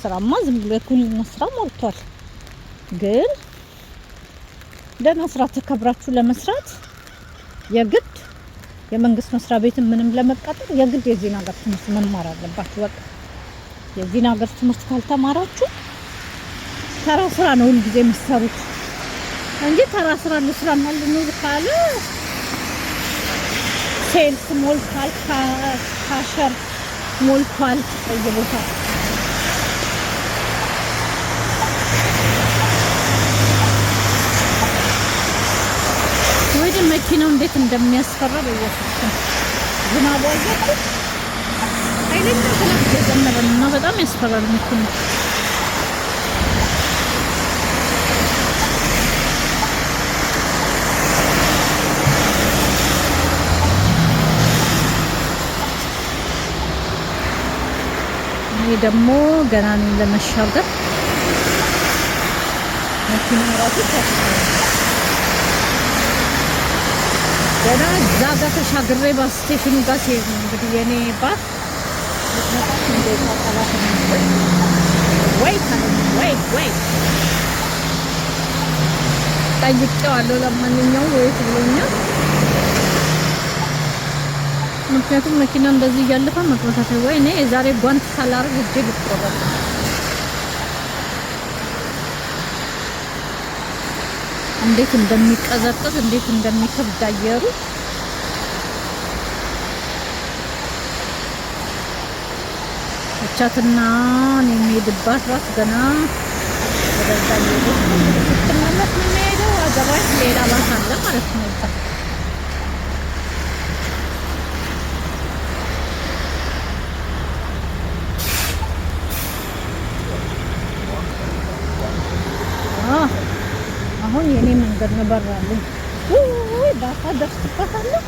ስራማ ዝም ብሎ የኩልና ስራ ሞልቷል። ግን ለመስራት ተከብራችሁ ለመስራት የግድ የመንግስት መስሪያ ቤትን ምንም ለመቀጠር የግድ የዜና ሀገር ትምህርት መማር አለባችሁ። በቃ የዜና ሀገር ትምህርት ካልተማራችሁ ተራ ስራ ነው ሁል ጊዜ የሚሰሩት እንጂ ተራ ስራ ልስራና ልኑር ካለ ሴልስ ሞልቷል፣ ካሸር ሞልቷል፣ በየቦታ መኪናው እንዴት እንደሚያስፈራ በየሱስ ዝናብ ወይዘት አይለኛ ዝናብ የዘነበ ነው። በጣም ያስፈራል መኪናው። ይሄ ደግሞ ገና ለመሻገር መኪና ራሱ ገና እዛ ጋር ተሻግሬ ባስቴሽኑ ጋር ሲሄድ ነው እንግዲህ የኔ ባስ ወይ ወይ ወይ ጠይቄዋለሁ። ለማንኛውም ወይት ብሎኛል። ምክንያቱም መኪና እንደዚህ እያለፈ መቅረታት ወይ እኔ የዛሬ ጓንት ሳላረግ እጄ ልቆረጥ እንዴት እንደሚቀዘቅዝ እንዴት እንደሚከብድ አየሩ ብቻትና የሚሄድባት ራስ ገና ወደዛ ሄዶ ስትመለስ የምንሄደው አገባች ሌላ ባስ አለ ማለት ነው። agad na baralo. Uy, baka dasti pa hala.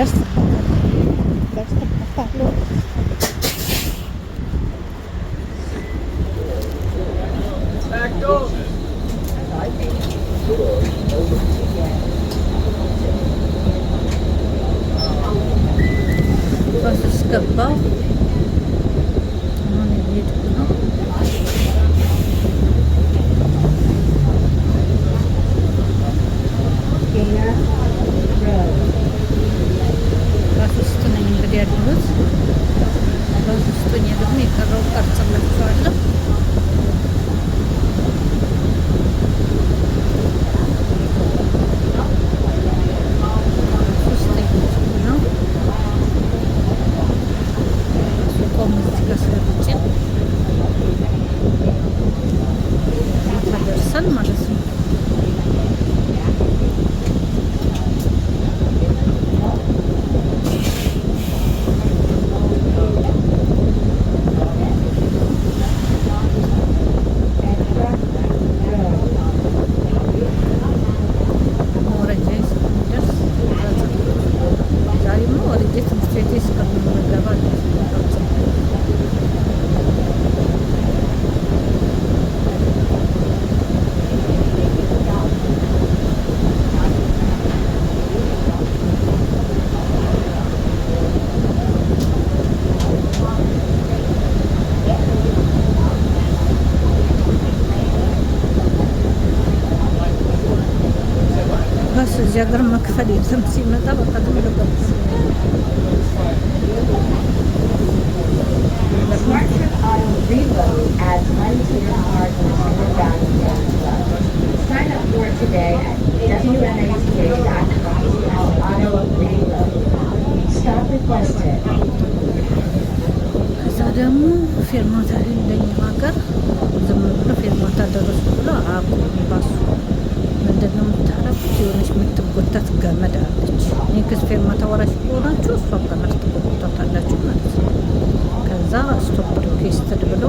Dasti pa hala. Dasti pa hala. ራሱ እዚህ ሀገር መክፈል የለም። ሲመጣ በቃ ተመለበት ከዛ ደግሞ ፌርማታ እንደኛ ሀገር ዝም ብሎ ፌርማታ ደረሱ ብሎ አቁ ባሱ ምንድን ነው የምታረጉት? የሆነች የምትጎተት ገመድ አለች። ይህ ክስፌርማ ተወራሽ ከሆናችሁ እሷ ገመድ ትጎተታላችሁ ማለት ነው። ከዛ ስቶፕ ሪኩዌስትድ ብሎ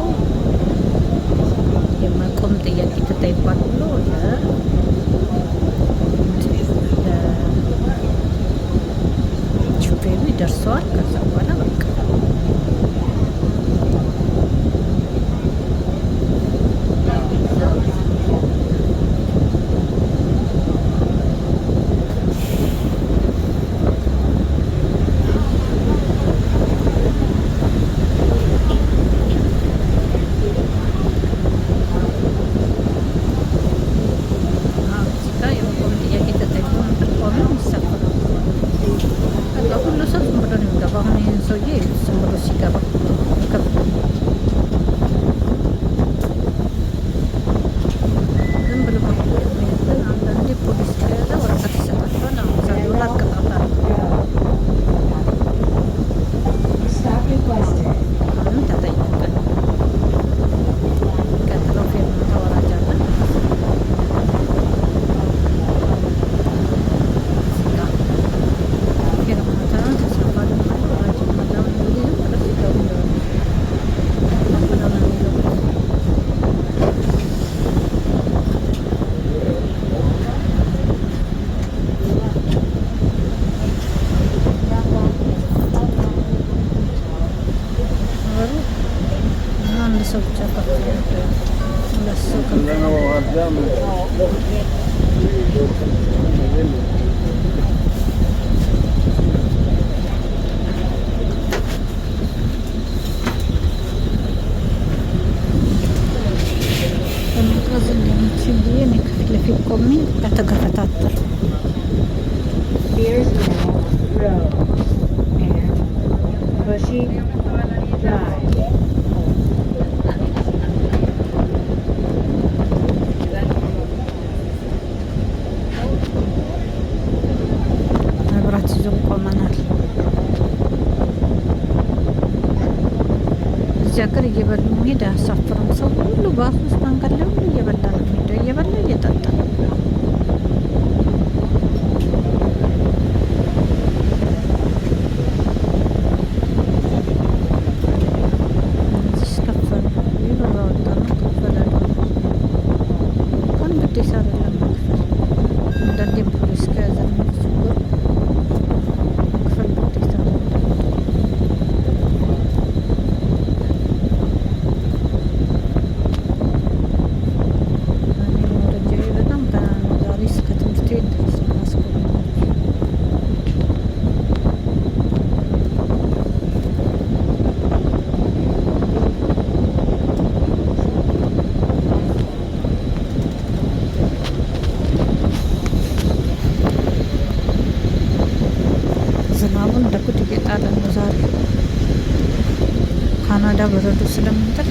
የመቆም ጥያቄ ተጠይቋል ብሎ ለሹፌሩ ይደርሰዋል። ከዛ በኋላ በቃ ፊት ለፊት ቆሜ ከተገፈታተር መብራት ይዞ እየበሉ መሄድ አያሳፍርም። ሰው ሁሉ በአፍ ውስጥ አንቀለ solamente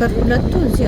carbonato tu, sim,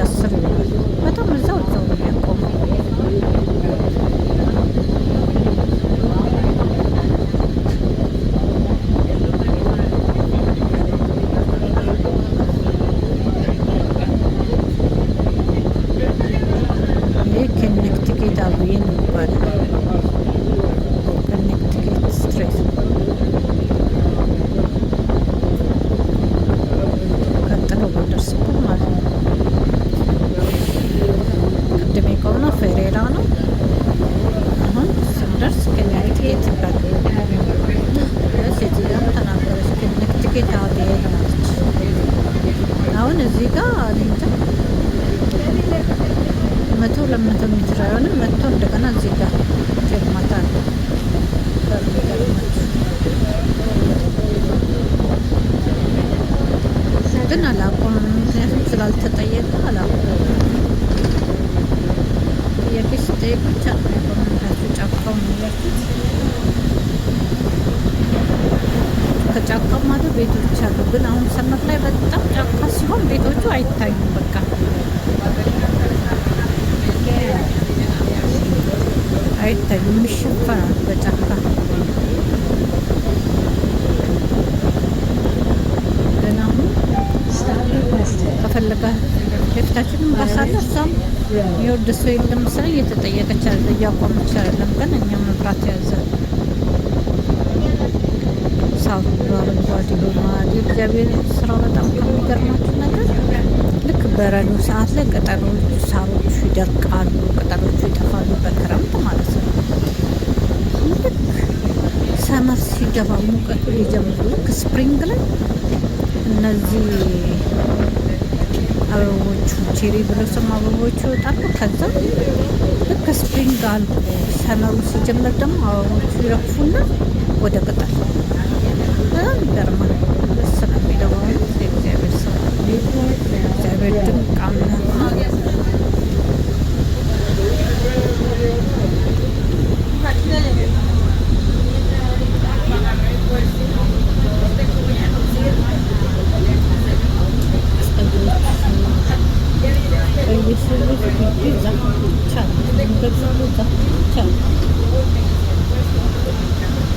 ብቻ ጫካው ነው ያሉት። ከጫካው ማዶ ቤቶች አሉ፣ ግን አሁን ሰመር ላይ በጣም ጫካ ሲሆን ቤቶቹ አይታዩም። በቃ አይታዩም፣ ይሸፈናል በጫካ ግን አሁን ከፈለጋ ከፊታችንም ባሳለ እሷም የወደ ሰው ስራ እየተጠየቀች አለ እያቆመች አይደለም። ግን እኛ መብራት ያዘ ሳቱ አረንጓዴ በማድ ስራ በጣም ከሚገርማችሁ ነገር ልክ በረዶ ሰዓት ላይ ቅጠሎቹ፣ ሳሮቹ ይደርቃሉ፣ ቅጠሎቹ ይጠፋሉ፣ በክረምት ማለት ነው። ሰመር ሲገባ ሙቀቱ ሊጀምሩ ልክ ስፕሪንግ ላይ እነዚህ አበቦቹ ቼሪ ብሎሰም አበቦቹ ይወጣሉ። ከዛ ልክ ስፕሪንግ አልቆ ሰመሩ ሲጀመር ደግሞ አበቦቹ ይረግፉና ወደ ቅጠል በጣም ይገርማል። ደስ ነው የሚለው ድንቅ አምላክ ነው። Beşiktaş'ta yüzden çal. Kırkızda çal.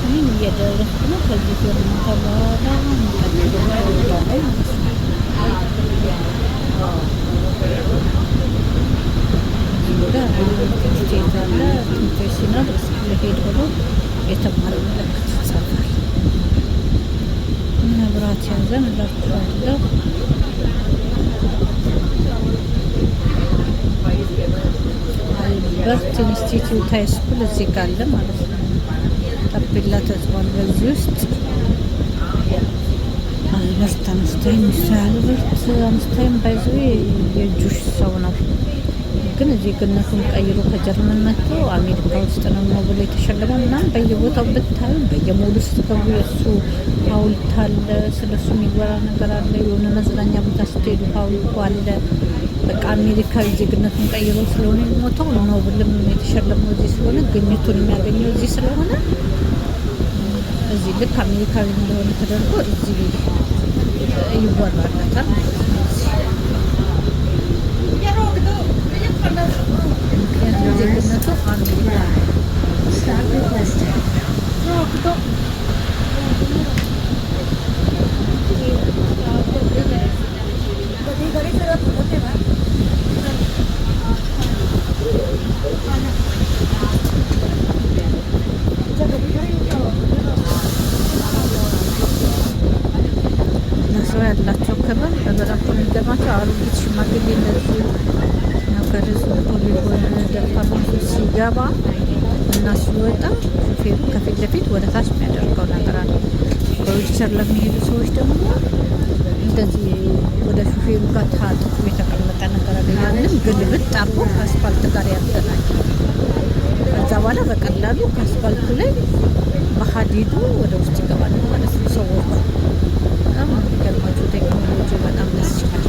Aynı yerde rızkına kazıyorum. Tabağa Burada şeytanda taşına rızkına ሄዶ የተማረበት ይሰራል። መብራት ያዘን እላችኋለሁ። በርት ኢንስቲትዩት ሃይስኩል እዚህ ጋር አለ ማለት ነው። ታፔላ ተጽፏል። በዚህ ውስጥ አልበርት አምስታይም አልበርት አምስታይም ባይዘ የጁሽ ሰው ነው፣ ግን ግነቱን ቀይሮ ከጀርመን መጥቶ አሜሪካ ውስጥ ነው ኖቤል የተሸለመው። እናም በየቦታው ብታዩ በየሞሉ ስትገቡ የእሱ ሀውልት አለ። ስለ እሱ የሚወራ ነገር አለ። የሆነ መዝናኛ ቦታ ስትሄዱ ሀውልቱ አለ። በቃ አሜሪካዊ ዜግነቱን ቀይሮ ስለሆነ የሚሞተው ኖብልም የተሸለመው እዚህ ስለሆነ ግኝቱን የሚያገኘው እዚህ ስለሆነ እዚህ ልክ አሜሪካዊ እንደሆነ ተደርጎ እዚህ ይወራለታል። ምክንያቱም ዜግነቱ አሜሪካ ሰው ያላቸው ክብር በጣም የሚገርማቸው አሮጊት ሽማግሌ እነዚህ ነገር ሲገባ እና ሲወጣ ሾፌሩ ከፊት ለፊት ወደ ታች የሚያደርገው ነገር አለ። በዊልቸር ለሚሄዱ ሰዎች ደግሞ እንደዚህ ወደ ሾፌሩ ጋር ታጥቁ ቤተ የወጣ ነገር አለ። ያንንም ግልብጥ አርጎ ከአስፋልት ጋር ያገናኝ። ከዛ በኋላ በቀላሉ ከአስፋልቱ ላይ በሀዲዱ ወደ ውስጥ ይገባል ማለት ነው። ሰዎች በጣም የሚገርማቸው ቴክኖሎጂ በጣም ደስ ይላል።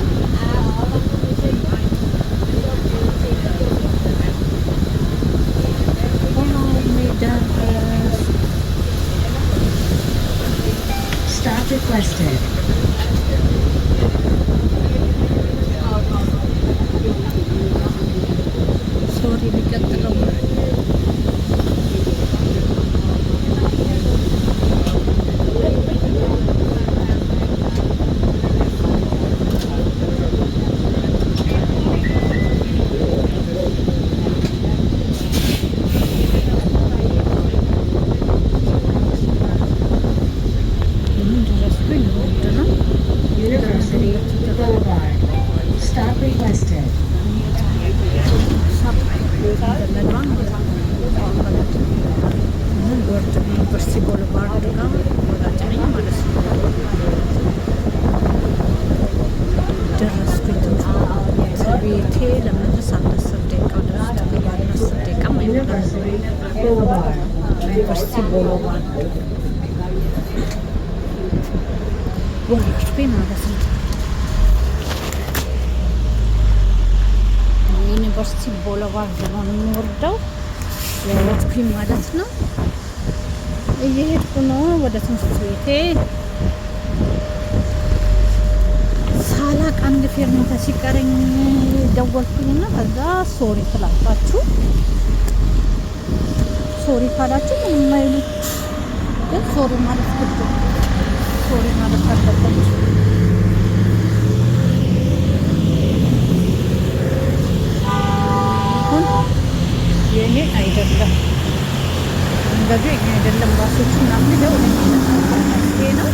University, Boulevard, University Boulevard. ወንዶች ቤት ማለት ዩኒቨርሲቲ ቦለባርድ ነው የምንወርደው የወትኩኝ ማለት ነው። እየሄድኩ ነው ወደ ትምህርት ቤቴ። ሳላቅ አንድ ፌርማታ ሲቀረኝ ደወልኩኝና ከዛ ሶሪ ትላላችሁ ሶሪ ካላችሁ ምንም የማይሉ ግን ሶሪ ማለት ግድ ሶሪ ማለት አለበት። ግን የእኔ አይደለም እንደዚህ የእኔ አይደለም ራሶቹ ምናምን ሄደው ይሄ ነው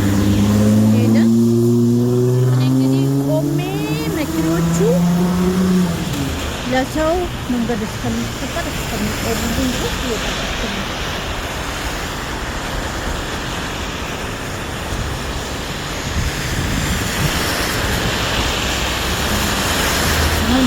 ለሰው መንገድ እስከሚፈጠር እስከሚቆሙ ድንስ ይወጣል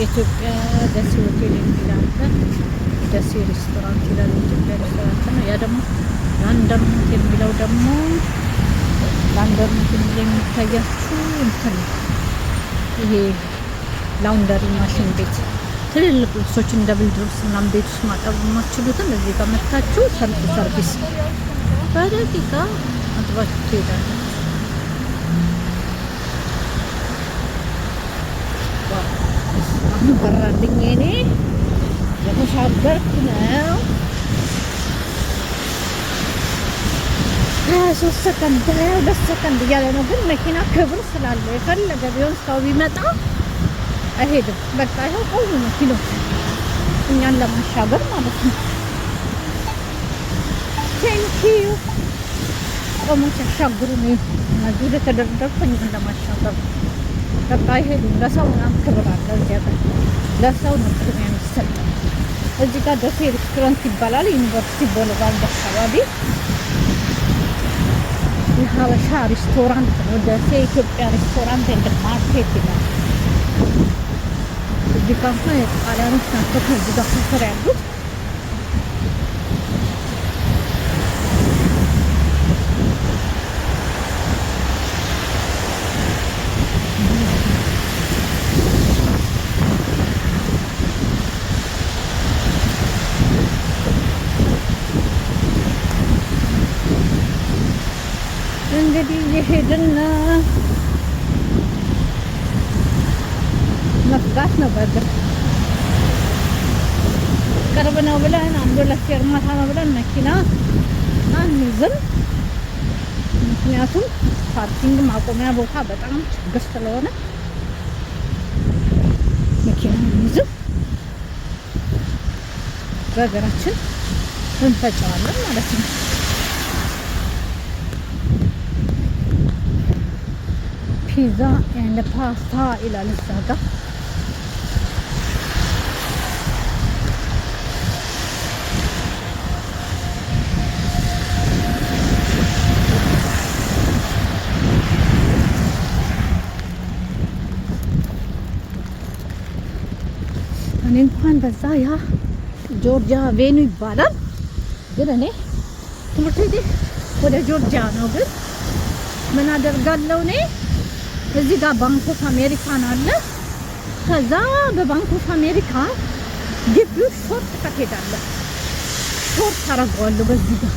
የኢትዮጵያ ደሴ ሆቴል የሚል አለ። ደሴ ሬስቶራንት ይላል። የኢትዮጵያ ሬስቶራንት ነው። ያ ደግሞ የሚለው ደግሞ ላንደርሙት የሚል የሚታያችሁ እንትን ይሄ ላውንደሪ ማሽን ቤት ትልልቅ ልብሶች እንደ ብልድርስ ምናምን ቤት ውስጥ ማጠብ የማችሉትን እዚህ ጋር መታችሁ ሰርቪስ ሰርቪስ በደቂቃ አጥባችሁ ትሄዳለ። በራልኝ እኔ የተሻገርኩ ነው። ሀያ ሦስት ሰከንድ ሀያ ሁለት ሰከንድ እያለ ነው። ግን መኪና ክብር ስላለው የፈለገ ቢሆን ሰው ቢመጣ አይሄድም። በቃ ይኸው ቆዩ መኪና እኛን ለማሻገር ማለት ነው። ቴንኪዩ ቆሞች ያሻግሩ ነው እነዚህ ወደ እኛን ለማሻገር በቃ አይሄዱም። ለሰው ምናምን ክብር አለ እዚያ ለሰው ነው ቅድሚያ የሚሰጠው። እዚህ ጋር ደሴ ሬስቶራንት ይባላል። ዩኒቨርሲቲ ቦሌቫርድ አካባቢ የሀበሻ ሬስቶራንት ነው። ደሴ ኢትዮጵያ ሬስቶራንት ኤንድ ማርኬት ይላል። እዚህ ጋር የጣሊያኖች ናቸው ከዚህ ጋር ሰፈር ያሉት እንግዲህ እየሄድን መፍጋት ነው። በእግር ቅርብ ነው ብለን አንድ ሁለት የእርማታ ነው ብለን መኪና አንይዝም። ምክንያቱም ፓርኪንግ ማቆሚያ ቦታ በጣም ችግር ስለሆነ መኪና አንይዝም። በእግራችን እንፈጨዋለን ማለት ነው። pizza and pasta إلى للساقة እኔ እንኳን በዛ ያ ጆርጂያ ቬኑ ይባላል። ግን እኔ ትምህርት ቤቴ ወደ ጆርጂያ ነው። ግን ምን አደርጋለሁ እኔ እዚህ ጋር ባንክ ኦፍ አሜሪካን አለ። ከዛ በባንክ ኦፍ አሜሪካ ግቢው ሾርት ከተሄዳለ ሾርት አረገዋለሁ በዚህ ጋር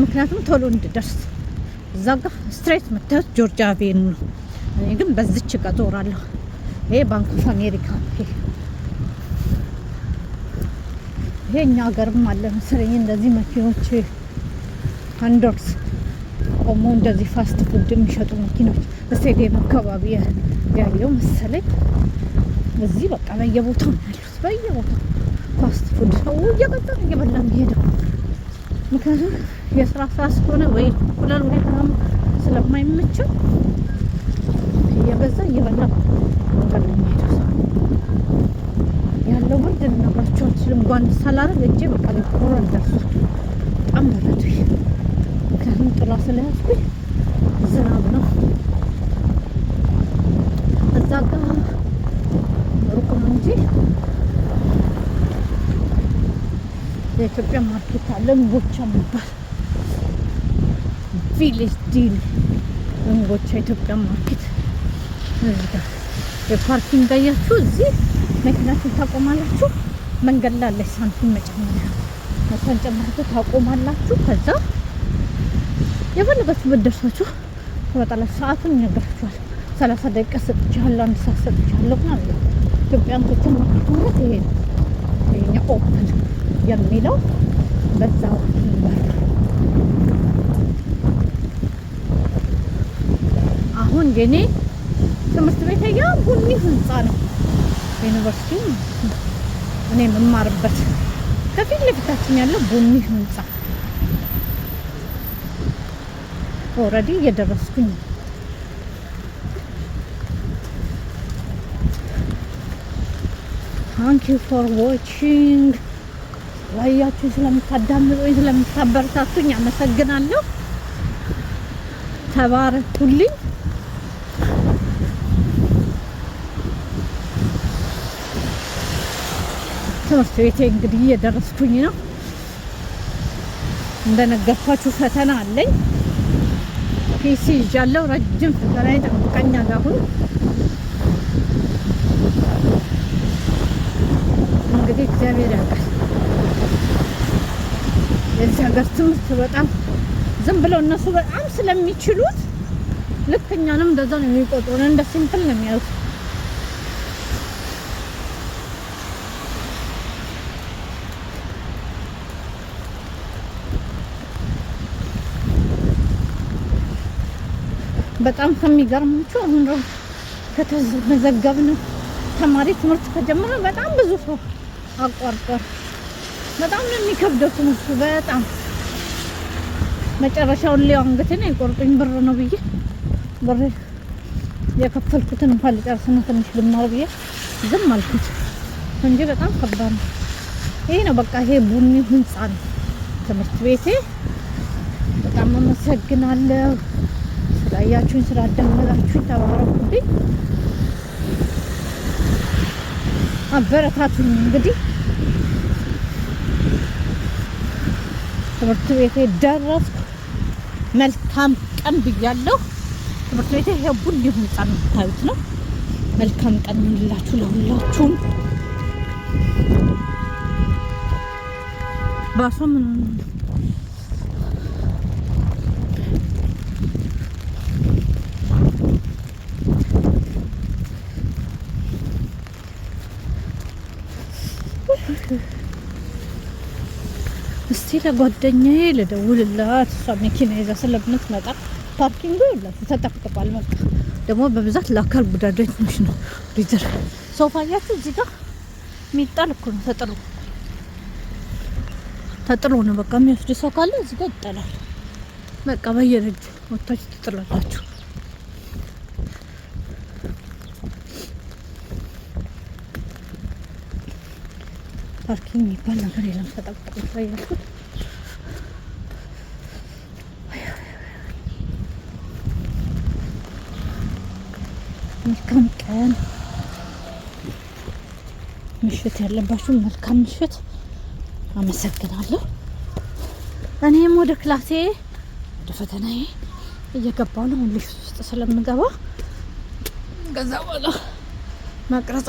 ምክንያቱም ቶሎ እንድደርስ። እዛ ጋር ስትሬት የምታዩት ጆርጂያ ቬን ነው። እኔ ግን በዚች ጋር ዞራለሁ። ይሄ ባንክ ኦፍ አሜሪካ ይሄ እኛ ሀገርም አለ መሰለኝ እንደዚህ መኪኖች አንዶርስ ቆሞ እንደዚህ ፋስት ፉድ የሚሸጡ መኪኖች ስቴዲየም አካባቢ ያለው መሰለኝ። እዚህ በቃ በየቦታው ያሉት፣ በየቦታው ፋስት ፉድ ሰው እየቀጠ እየበላ የሚሄደው ምክንያቱም የስራ ሰዓት ስለሆነ ወይ እንቁላል ወይ ምናምን ስለማይመቸው እየገዛ እየበላ ወጣል የሚሄደው ሰው ያለው ብርድ ልነግራቸው አልችልም። ጓንት ሳላረግ እጄ በቃ ሊቆረን ደርሷል። በጣም በረዱ ምክንያቱም ጥላ ስለያዝኩኝ ዝናብ ነው። እዛ ጋ ሩቅ ነው እንጂ የኢትዮጵያ ማርኬት አለ እንጎቻ የሚባል ቪሌጅ ዲል እንጎቻ ኢትዮጵያ ማርኬት እዚህ የፓርኪንግ አያችሁ። እዚህ መኪናችን ታቆማላችሁ። መንገድ ላይ ሳንቲም መጨመሪያ ሳንጨምራችሁ ታቆማላችሁ። ከዛ የፈለጋችሁ በደርሳችሁ ትመጣላችሁ። ሰዓቱን ይነግራችኋል። ሰላሳ ደቂቃ ሰጥቻለሁ፣ አንድ ሰዓት ሰጥቻለሁ ማለት ነው። ኢትዮጵያን ትምህርት ይሄ ነው። ይሄኛ ኦፕን የሚለው በዛ አሁን የኔ ትምህርት ቤት ያ ቡኒ ህንፃ ነው ዩኒቨርሲቲ እኔ የምማርበት ከፊት ለፊታችን ያለው ቡኒ ህንፃ ኦልሬዲ እየደረስኩኝ ነው። ታንክ ዩ ፎር ዋቺንግ ላያችሁ ስለምታዳምጡኝ ስለምታበረታቱኝ አመሰግናለሁ። ተባረኩልኝ። ትምህርት ቤቴ እንግዲህ እየደረስኩኝ ነው። እንደነገርኳችሁ ፈተና አለኝ። ፒሲ ይዣለሁ። ረጅም ፈተና ይጠብቀኛል አሁን እንግዲህ እግዚአብሔር ያውቃል። የዚህ ሀገር ትምህርት በጣም ዝም ብለው እነሱ በጣም ስለሚችሉት ልክ እኛንም እንደዛ ነው የሚቆጥሩን። እንደ ሲምፕል ነው የሚያዩት። በጣም ከሚገርማችሁ አሁን ነው ከተመዘገብን ተማሪ ትምህርት ከጀመረ በጣም ብዙ ሰው አቋርጧል። በጣም ነው የሚከብደው ትምህርቱ። በጣም መጨረሻውን ላይ አንገቴን አይቆርጡኝ ብር ነው ብዬ ብር የከፈልኩትን እንኳን ልጨርስ ትንሽ ልማር ብዬ ዝም አልኩት እንጂ በጣም ከባድ ነው። ይሄ ነው በቃ ይሄ ቡኒ ህንፃ ነው ትምህርት ቤቴ። በጣም አመሰግናለሁ። ያያችሁን ስላዳመጣችሁኝ ተባረኩብኝ፣ አበረታቱኝ። እንግዲህ ትምህርት ቤቴ ደረስኩ። መልካም ቀን ብያለሁ። ትምህርት ቤቴ ይሄ ቡኒ ህንጻ የምታዩት ነው። መልካም ቀን ምንላችሁ ለሁላችሁም። ባሷ ምን ለጓደኛዬ ልደውልላት እሷ መኪና ይዛ ስለምትመጣ ፓርኪንግ የላችሁ ተጠቅጥቋል። መጣ ደግሞ በብዛት ለአካል ጉዳተኞች ነው ሪዘርቭ ሶፋ እያችሁ እዚህ ጋር የሚጣል እኮ ነው ተጥሎ ተጥሎ ነው በቃ የሚወስድ ሰው ካለ እዚህ ጋር ይጣላል። በቃ በየደጅ ወታችሁ ትጥላላችሁ። ፓርኪንግ የሚባል ነገር የለም። ተጠቅጥቆ ላይ መልካም ቀን ምሽት ያለባችሁ መልካም ምሽት። አመሰግናለሁ። እኔም ወደ ክላሴ ወደ ፈተናዬ እየገባሁ ነው። ልሽት ውስጥ ስለምገባ ከዛ በኋላ መቅረጽ